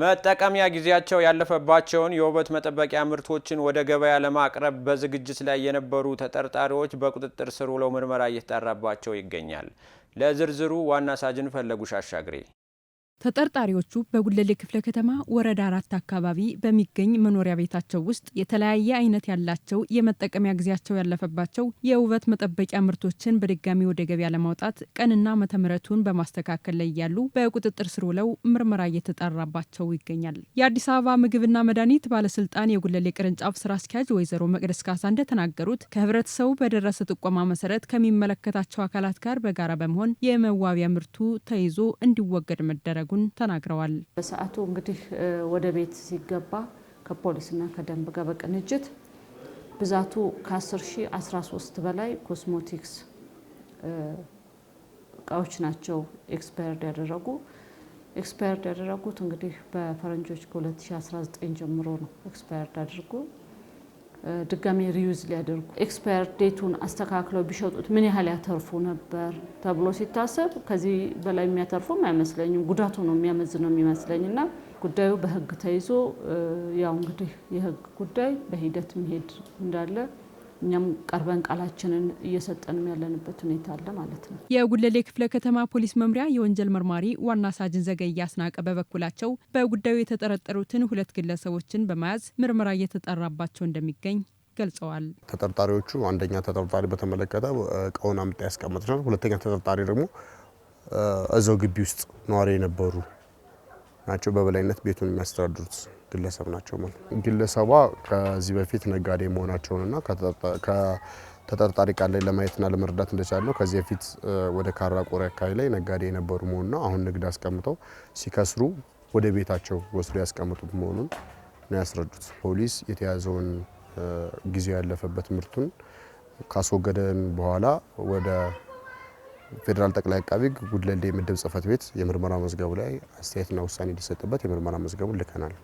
መጠቀሚያ ጊዜያቸው ያለፈባቸውን የውበት መጠበቂያ ምርቶችን ወደ ገበያ ለማቅረብ በዝግጅት ላይ የነበሩ ተጠርጣሪዎች በቁጥጥር ስር ውለው ምርመራ እየተጣራባቸው ይገኛል። ለዝርዝሩ ዋና ሳጅን ፈለጉ ሻሻግሬ ተጠርጣሪዎቹ በጉለሌ ክፍለ ከተማ ወረዳ አራት አካባቢ በሚገኝ መኖሪያ ቤታቸው ውስጥ የተለያየ አይነት ያላቸው የመጠቀሚያ ጊዜያቸው ያለፈባቸው የውበት መጠበቂያ ምርቶችን በድጋሚ ወደ ገበያ ለማውጣት ቀንና መተምረቱን በማስተካከል ላይ እያሉ በቁጥጥር ስር ውለው ምርመራ እየተጣራባቸው ይገኛል። የአዲስ አበባ ምግብና መድኃኒት ባለስልጣን የጉለሌ ቅርንጫፍ ስራ አስኪያጅ ወይዘሮ መቅደስ ካሳ እንደተናገሩት ከህብረተሰቡ በደረሰ ጥቆማ መሰረት ከሚመለከታቸው አካላት ጋር በጋራ በመሆን የመዋቢያ ምርቱ ተይዞ እንዲወገድ መደረጉ መደረጉን ተናግረዋል። በሰዓቱ እንግዲህ ወደ ቤት ሲገባ ከፖሊስና ከደንብ ጋር በቅንጅት ብዛቱ ከ10 ሺ 13 በላይ ኮስሞቲክስ እቃዎች ናቸው ኤክስፓየርድ ያደረጉ ኤክስፓየርድ ያደረጉት እንግዲህ በፈረንጆች ከ2019 ጀምሮ ነው ኤክስፓየርድ አድርጎ ድጋሚ ሪዩዝ ሊያደርጉ ኤክስፓየር ዴቱን አስተካክለው ቢሸጡት ምን ያህል ያተርፉ ነበር ተብሎ ሲታሰብ ከዚህ በላይ የሚያተርፉም አይመስለኝም። ጉዳቱ ነው ነው የሚመስለኝ እና ጉዳዩ በህግ ተይዞ ያው እንግዲህ የህግ ጉዳይ በሂደት መሄድ እንዳለ እኛም ቀርበን ቃላችንን እየሰጠንም ያለንበት ሁኔታ አለ ማለት ነው። የጉለሌ ክፍለ ከተማ ፖሊስ መምሪያ የወንጀል መርማሪ ዋና ሳጅን ዘገይ እያስናቀ በበኩላቸው በጉዳዩ የተጠረጠሩትን ሁለት ግለሰቦችን በመያዝ ምርመራ እየተጠራባቸው እንደሚገኝ ገልጸዋል። ተጠርጣሪዎቹ አንደኛ ተጠርጣሪ በተመለከተ እቃውን አምጣ ያስቀመጥናል። ሁለተኛ ተጠርጣሪ ደግሞ እዛው ግቢ ውስጥ ነዋሪ የነበሩ ናቸው በበላይነት ቤቱን የሚያስተዳድሩት ግለሰብ ናቸው ማለት ነው። ግለሰቧ ከዚህ በፊት ነጋዴ መሆናቸውንና ከተጠርጣሪ ቃል ላይ ለማየትና ለመረዳት እንደቻለው ከዚህ በፊት ወደ ካራ ቆሪ አካባቢ ላይ ነጋዴ የነበሩ መሆኑና አሁን ንግድ አስቀምጠው ሲከስሩ ወደ ቤታቸው ወስዶ ያስቀምጡት መሆኑን ነው ያስረዱት። ፖሊስ የተያዘውን ጊዜው ያለፈበት ምርቱን ካስወገደን በኋላ ወደ ፌዴራል ጠቅላይ አቃቢ ጉድለንዴ ምድብ ጽህፈት ቤት የምርመራ መዝገቡ ላይ አስተያየትና ውሳኔ እንዲሰጥበት የምርመራ መዝገቡን ልከናል።